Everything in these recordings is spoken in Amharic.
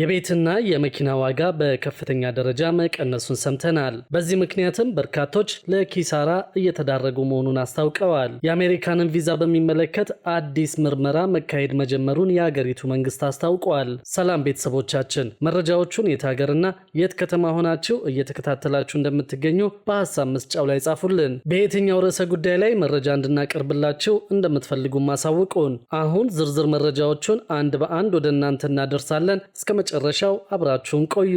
የቤትና የመኪና ዋጋ በከፍተኛ ደረጃ መቀነሱን ሰምተናል። በዚህ ምክንያትም በርካቶች ለኪሳራ እየተዳረጉ መሆኑን አስታውቀዋል። የአሜሪካንን ቪዛ በሚመለከት አዲስ ምርመራ መካሄድ መጀመሩን የአገሪቱ መንግስት አስታውቋል። ሰላም ቤተሰቦቻችን፣ መረጃዎቹን የት ሀገርና የት ከተማ ሆናችሁ እየተከታተላችሁ እንደምትገኙ በሀሳብ መስጫው ላይ ጻፉልን። በየትኛው ርዕሰ ጉዳይ ላይ መረጃ እንድናቀርብላችሁ እንደምትፈልጉ ማሳውቁን። አሁን ዝርዝር መረጃዎቹን አንድ በአንድ ወደ እናንተ እናደርሳለን እስከ መጨረሻው አብራችሁን ቆዩ።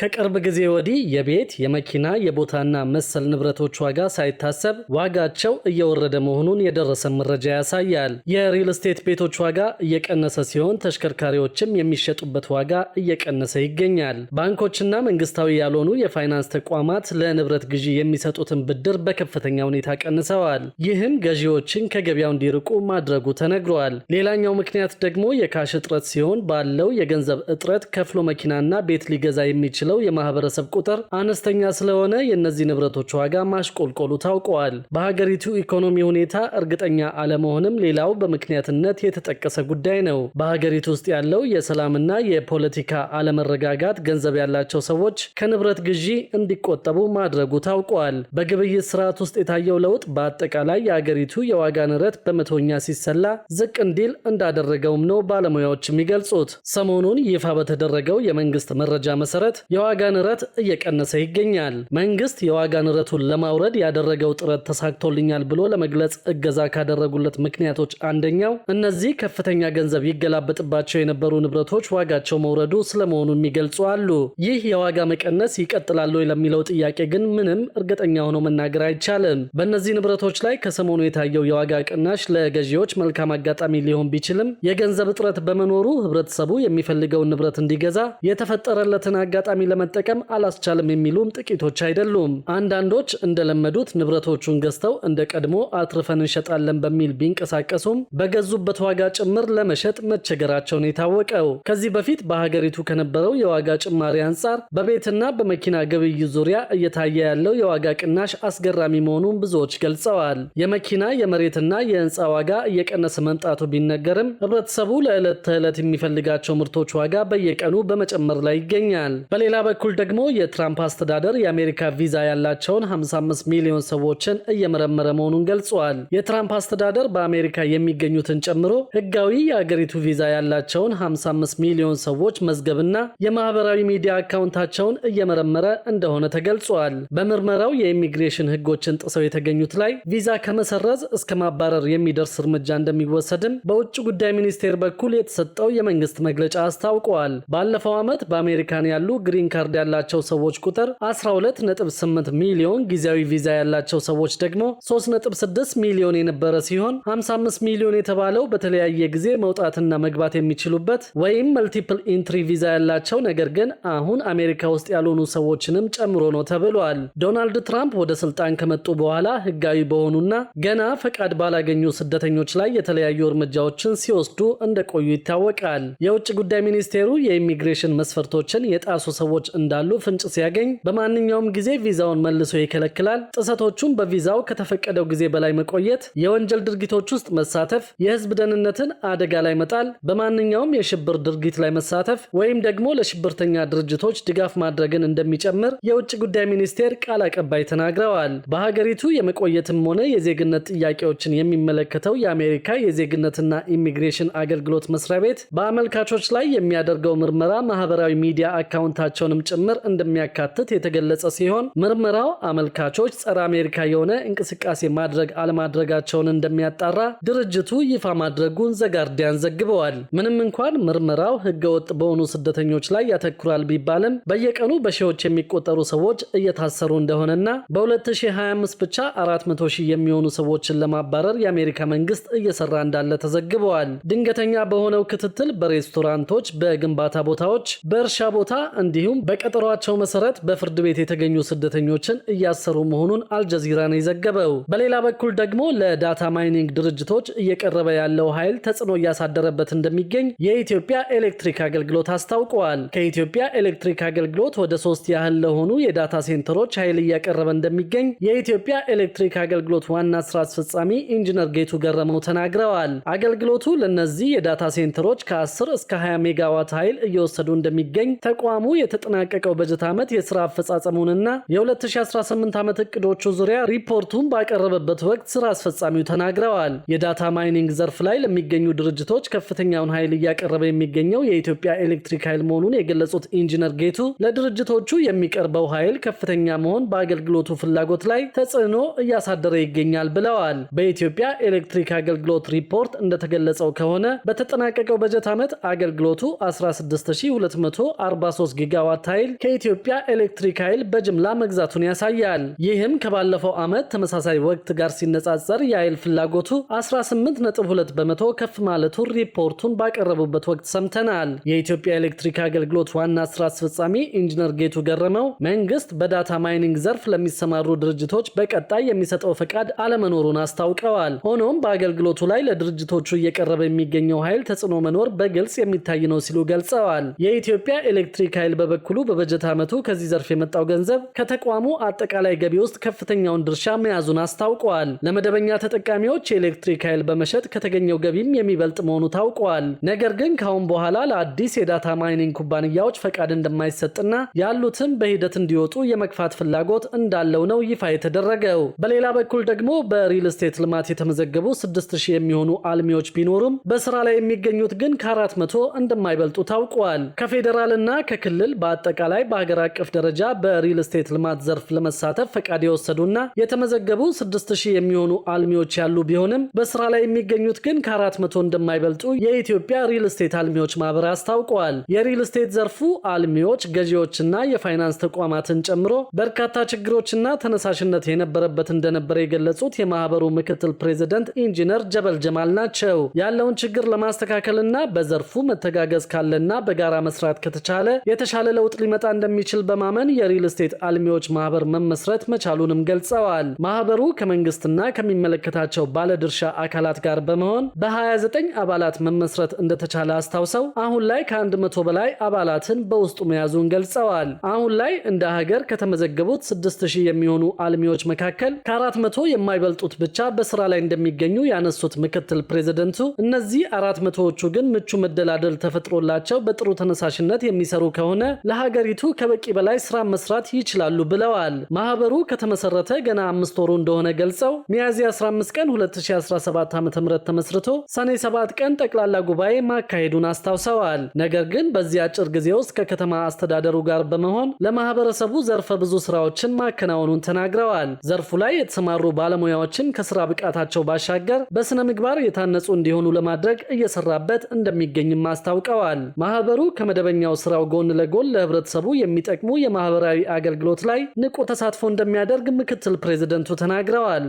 ከቅርብ ጊዜ ወዲህ የቤት የመኪና የቦታና መሰል ንብረቶች ዋጋ ሳይታሰብ ዋጋቸው እየወረደ መሆኑን የደረሰ መረጃ ያሳያል። የሪል ስቴት ቤቶች ዋጋ እየቀነሰ ሲሆን፣ ተሽከርካሪዎችም የሚሸጡበት ዋጋ እየቀነሰ ይገኛል። ባንኮችና መንግስታዊ ያልሆኑ የፋይናንስ ተቋማት ለንብረት ግዢ የሚሰጡትን ብድር በከፍተኛ ሁኔታ ቀንሰዋል። ይህም ገዢዎችን ከገበያው እንዲርቁ ማድረጉ ተነግሯል። ሌላኛው ምክንያት ደግሞ የካሽ እጥረት ሲሆን ባለው የገንዘብ እጥረት ከፍሎ መኪናና ቤት ሊገዛ የሚችል የሚችለው የማህበረሰብ ቁጥር አነስተኛ ስለሆነ የእነዚህ ንብረቶች ዋጋ ማሽቆልቆሉ ታውቀዋል። በሀገሪቱ ኢኮኖሚ ሁኔታ እርግጠኛ አለመሆንም ሌላው በምክንያትነት የተጠቀሰ ጉዳይ ነው። በሀገሪቱ ውስጥ ያለው የሰላምና የፖለቲካ አለመረጋጋት ገንዘብ ያላቸው ሰዎች ከንብረት ግዢ እንዲቆጠቡ ማድረጉ ታውቋል። በግብይት ስርዓት ውስጥ የታየው ለውጥ በአጠቃላይ የሀገሪቱ የዋጋ ንረት በመቶኛ ሲሰላ ዝቅ እንዲል እንዳደረገውም ነው ባለሙያዎች የሚገልጹት። ሰሞኑን ይፋ በተደረገው የመንግስት መረጃ መሰረት የዋጋ ንረት እየቀነሰ ይገኛል። መንግስት የዋጋ ንረቱን ለማውረድ ያደረገው ጥረት ተሳክቶልኛል ብሎ ለመግለጽ እገዛ ካደረጉለት ምክንያቶች አንደኛው እነዚህ ከፍተኛ ገንዘብ ይገላበጥባቸው የነበሩ ንብረቶች ዋጋቸው መውረዱ ስለመሆኑ የሚገልጹ አሉ። ይህ የዋጋ መቀነስ ይቀጥላል ለሚለው ጥያቄ ግን ምንም እርግጠኛ ሆኖ መናገር አይቻልም። በእነዚህ ንብረቶች ላይ ከሰሞኑ የታየው የዋጋ ቅናሽ ለገዢዎች መልካም አጋጣሚ ሊሆን ቢችልም የገንዘብ እጥረት በመኖሩ ህብረተሰቡ የሚፈልገውን ንብረት እንዲገዛ የተፈጠረለትን አጋጣሚ ለመጠቀም አላስቻለም የሚሉም ጥቂቶች አይደሉም። አንዳንዶች እንደለመዱት ንብረቶቹን ገዝተው እንደ ቀድሞ አትርፈን እንሸጣለን በሚል ቢንቀሳቀሱም በገዙበት ዋጋ ጭምር ለመሸጥ መቸገራቸውን የታወቀው ከዚህ በፊት በሀገሪቱ ከነበረው የዋጋ ጭማሪ አንጻር በቤትና በመኪና ግብይት ዙሪያ እየታየ ያለው የዋጋ ቅናሽ አስገራሚ መሆኑን ብዙዎች ገልጸዋል። የመኪና የመሬትና የህንፃ ዋጋ እየቀነሰ መምጣቱ ቢነገርም ህብረተሰቡ ለዕለት ተዕለት የሚፈልጋቸው ምርቶች ዋጋ በየቀኑ በመጨመር ላይ ይገኛል። በሌላ በኩል ደግሞ የትራምፕ አስተዳደር የአሜሪካ ቪዛ ያላቸውን 55 ሚሊዮን ሰዎችን እየመረመረ መሆኑን ገልጿል። የትራምፕ አስተዳደር በአሜሪካ የሚገኙትን ጨምሮ ህጋዊ የአገሪቱ ቪዛ ያላቸውን 55 ሚሊዮን ሰዎች መዝገብና የማህበራዊ ሚዲያ አካውንታቸውን እየመረመረ እንደሆነ ተገልጿል። በምርመራው የኢሚግሬሽን ህጎችን ጥሰው የተገኙት ላይ ቪዛ ከመሰረዝ እስከ ማባረር የሚደርስ እርምጃ እንደሚወሰድም በውጭ ጉዳይ ሚኒስቴር በኩል የተሰጠው የመንግስት መግለጫ አስታውቀዋል። ባለፈው ዓመት በአሜሪካን ያሉ ግሪን ግሪን ካርድ ያላቸው ሰዎች ቁጥር 12.8 ሚሊዮን፣ ጊዜያዊ ቪዛ ያላቸው ሰዎች ደግሞ 3.6 ሚሊዮን የነበረ ሲሆን 55 ሚሊዮን የተባለው በተለያየ ጊዜ መውጣትና መግባት የሚችሉበት ወይም መልቲፕል ኢንትሪ ቪዛ ያላቸው ነገር ግን አሁን አሜሪካ ውስጥ ያልሆኑ ሰዎችንም ጨምሮ ነው ተብሏል። ዶናልድ ትራምፕ ወደ ስልጣን ከመጡ በኋላ ህጋዊ በሆኑና ገና ፈቃድ ባላገኙ ስደተኞች ላይ የተለያዩ እርምጃዎችን ሲወስዱ እንደቆዩ ይታወቃል። የውጭ ጉዳይ ሚኒስቴሩ የኢሚግሬሽን መስፈርቶችን የጣሱ ሰዎች ሰዎች እንዳሉ ፍንጭ ሲያገኝ በማንኛውም ጊዜ ቪዛውን መልሶ ይከለክላል። ጥሰቶቹም በቪዛው ከተፈቀደው ጊዜ በላይ መቆየት፣ የወንጀል ድርጊቶች ውስጥ መሳተፍ፣ የህዝብ ደህንነትን አደጋ ላይ መጣል፣ በማንኛውም የሽብር ድርጊት ላይ መሳተፍ ወይም ደግሞ ለሽብርተኛ ድርጅቶች ድጋፍ ማድረግን እንደሚጨምር የውጭ ጉዳይ ሚኒስቴር ቃል አቀባይ ተናግረዋል። በሀገሪቱ የመቆየትም ሆነ የዜግነት ጥያቄዎችን የሚመለከተው የአሜሪካ የዜግነትና ኢሚግሬሽን አገልግሎት መስሪያ ቤት በአመልካቾች ላይ የሚያደርገው ምርመራ ማህበራዊ ሚዲያ አካውንታቸው መሆናቸውንም ጭምር እንደሚያካትት የተገለጸ ሲሆን ምርመራው አመልካቾች ጸረ አሜሪካ የሆነ እንቅስቃሴ ማድረግ አለማድረጋቸውን እንደሚያጣራ ድርጅቱ ይፋ ማድረጉን ዘጋርዲያን ዘግበዋል። ምንም እንኳን ምርመራው ህገወጥ በሆኑ ስደተኞች ላይ ያተኩራል ቢባልም በየቀኑ በሺዎች የሚቆጠሩ ሰዎች እየታሰሩ እንደሆነና በ2025 ብቻ 400 ሺህ የሚሆኑ ሰዎችን ለማባረር የአሜሪካ መንግስት እየሰራ እንዳለ ተዘግበዋል። ድንገተኛ በሆነው ክትትል በሬስቶራንቶች፣ በግንባታ ቦታዎች፣ በእርሻ ቦታ እንዲሁ እንዲሁም በቀጠሯቸው መሰረት በፍርድ ቤት የተገኙ ስደተኞችን እያሰሩ መሆኑን አልጀዚራ ነው የዘገበው። በሌላ በኩል ደግሞ ለዳታ ማይኒንግ ድርጅቶች እየቀረበ ያለው ኃይል ተጽዕኖ እያሳደረበት እንደሚገኝ የኢትዮጵያ ኤሌክትሪክ አገልግሎት አስታውቀዋል። ከኢትዮጵያ ኤሌክትሪክ አገልግሎት ወደ ሶስት ያህል ለሆኑ የዳታ ሴንተሮች ኃይል እያቀረበ እንደሚገኝ የኢትዮጵያ ኤሌክትሪክ አገልግሎት ዋና ስራ አስፈጻሚ ኢንጂነር ጌቱ ገረመው ተናግረዋል። አገልግሎቱ ለእነዚህ የዳታ ሴንተሮች ከ10 እስከ 20 ሜጋዋት ኃይል እየወሰዱ እንደሚገኝ ተቋሙ የተ የተጠናቀቀው በጀት ዓመት የስራ አፈጻጸሙንና የ2018 ዓመት እቅዶቹ ዙሪያ ሪፖርቱን ባቀረበበት ወቅት ስራ አስፈጻሚው ተናግረዋል። የዳታ ማይኒንግ ዘርፍ ላይ ለሚገኙ ድርጅቶች ከፍተኛውን ኃይል እያቀረበ የሚገኘው የኢትዮጵያ ኤሌክትሪክ ኃይል መሆኑን የገለጹት ኢንጂነር ጌቱ ለድርጅቶቹ የሚቀርበው ኃይል ከፍተኛ መሆን በአገልግሎቱ ፍላጎት ላይ ተጽዕኖ እያሳደረ ይገኛል ብለዋል። በኢትዮጵያ ኤሌክትሪክ አገልግሎት ሪፖርት እንደተገለጸው ከሆነ በተጠናቀቀው በጀት ዓመት አገልግሎቱ 16243 ጊጋ ሜጋዋት ኃይል ከኢትዮጵያ ኤሌክትሪክ ኃይል በጅምላ መግዛቱን ያሳያል። ይህም ከባለፈው ዓመት ተመሳሳይ ወቅት ጋር ሲነጻጸር የኃይል ፍላጎቱ 18.2 በመቶ ከፍ ማለቱ ሪፖርቱን ባቀረቡበት ወቅት ሰምተናል። የኢትዮጵያ ኤሌክትሪክ አገልግሎት ዋና ስራ አስፈጻሚ ኢንጂነር ጌቱ ገረመው መንግስት በዳታ ማይኒንግ ዘርፍ ለሚሰማሩ ድርጅቶች በቀጣይ የሚሰጠው ፈቃድ አለመኖሩን አስታውቀዋል። ሆኖም በአገልግሎቱ ላይ ለድርጅቶቹ እየቀረበ የሚገኘው ኃይል ተጽዕኖ መኖር በግልጽ የሚታይ ነው ሲሉ ገልጸዋል። የኢትዮጵያ ኤሌክትሪክ ኃይል በበ በበኩሉ በበጀት ዓመቱ ከዚህ ዘርፍ የመጣው ገንዘብ ከተቋሙ አጠቃላይ ገቢ ውስጥ ከፍተኛውን ድርሻ መያዙን አስታውቀዋል። ለመደበኛ ተጠቃሚዎች የኤሌክትሪክ ኃይል በመሸጥ ከተገኘው ገቢም የሚበልጥ መሆኑ ታውቋል። ነገር ግን ከአሁን በኋላ ለአዲስ የዳታ ማይኒንግ ኩባንያዎች ፈቃድ እንደማይሰጥና ያሉትም በሂደት እንዲወጡ የመግፋት ፍላጎት እንዳለው ነው ይፋ የተደረገው። በሌላ በኩል ደግሞ በሪል ስቴት ልማት የተመዘገቡ 6000 የሚሆኑ አልሚዎች ቢኖሩም በስራ ላይ የሚገኙት ግን ከ400 እንደማይበልጡ ታውቋል። ከፌዴራልና ከክልል በአጠቃላይ በሀገር አቀፍ ደረጃ በሪል ስቴት ልማት ዘርፍ ለመሳተፍ ፈቃድ የወሰዱና የተመዘገቡ 6000 የሚሆኑ አልሚዎች ያሉ ቢሆንም በስራ ላይ የሚገኙት ግን ከ400 እንደማይበልጡ የኢትዮጵያ ሪል ስቴት አልሚዎች ማህበር አስታውቀዋል። የሪል ስቴት ዘርፉ አልሚዎች፣ ገዢዎችና የፋይናንስ ተቋማትን ጨምሮ በርካታ ችግሮችና ተነሳሽነት የነበረበት እንደነበረ የገለጹት የማህበሩ ምክትል ፕሬዚደንት ኢንጂነር ጀበል ጀማል ናቸው። ያለውን ችግር ለማስተካከልና በዘርፉ መተጋገዝ ካለና በጋራ መስራት ከተቻለ የተሻለ ለውጥ ሊመጣ እንደሚችል በማመን የሪል ስቴት አልሚዎች ማህበር መመስረት መቻሉንም ገልጸዋል። ማህበሩ ከመንግስትና ከሚመለከታቸው ባለድርሻ አካላት ጋር በመሆን በ29 አባላት መመስረት እንደተቻለ አስታውሰው አሁን ላይ ከ100 በላይ አባላትን በውስጡ መያዙን ገልጸዋል። አሁን ላይ እንደ ሀገር ከተመዘገቡት 6000 የሚሆኑ አልሚዎች መካከል ከ400 የማይበልጡት ብቻ በስራ ላይ እንደሚገኙ ያነሱት ምክትል ፕሬዚደንቱ። እነዚህ አራት መቶዎቹ ግን ምቹ መደላደል ተፈጥሮላቸው በጥሩ ተነሳሽነት የሚሰሩ ከሆነ ለሀገሪቱ ከበቂ በላይ ስራ መስራት ይችላሉ ብለዋል። ማህበሩ ከተመሰረተ ገና አምስት ወሩ እንደሆነ ገልጸው ሚያዝያ 15 ቀን 2017 ዓ.ም ተመስርቶ ሰኔ 7 ቀን ጠቅላላ ጉባኤ ማካሄዱን አስታውሰዋል። ነገር ግን በዚህ አጭር ጊዜ ውስጥ ከከተማ አስተዳደሩ ጋር በመሆን ለማህበረሰቡ ዘርፈ ብዙ ስራዎችን ማከናወኑን ተናግረዋል። ዘርፉ ላይ የተሰማሩ ባለሙያዎችን ከስራ ብቃታቸው ባሻገር በስነ ምግባር የታነጹ እንዲሆኑ ለማድረግ እየሰራበት እንደሚገኝም አስታውቀዋል። ማህበሩ ከመደበኛው ስራው ጎን ለጎን ለህብረተሰቡ የሚጠቅሙ የማህበራዊ አገልግሎት ላይ ንቁ ተሳትፎ እንደሚያደርግ ምክትል ፕሬዚደንቱ ተናግረዋል።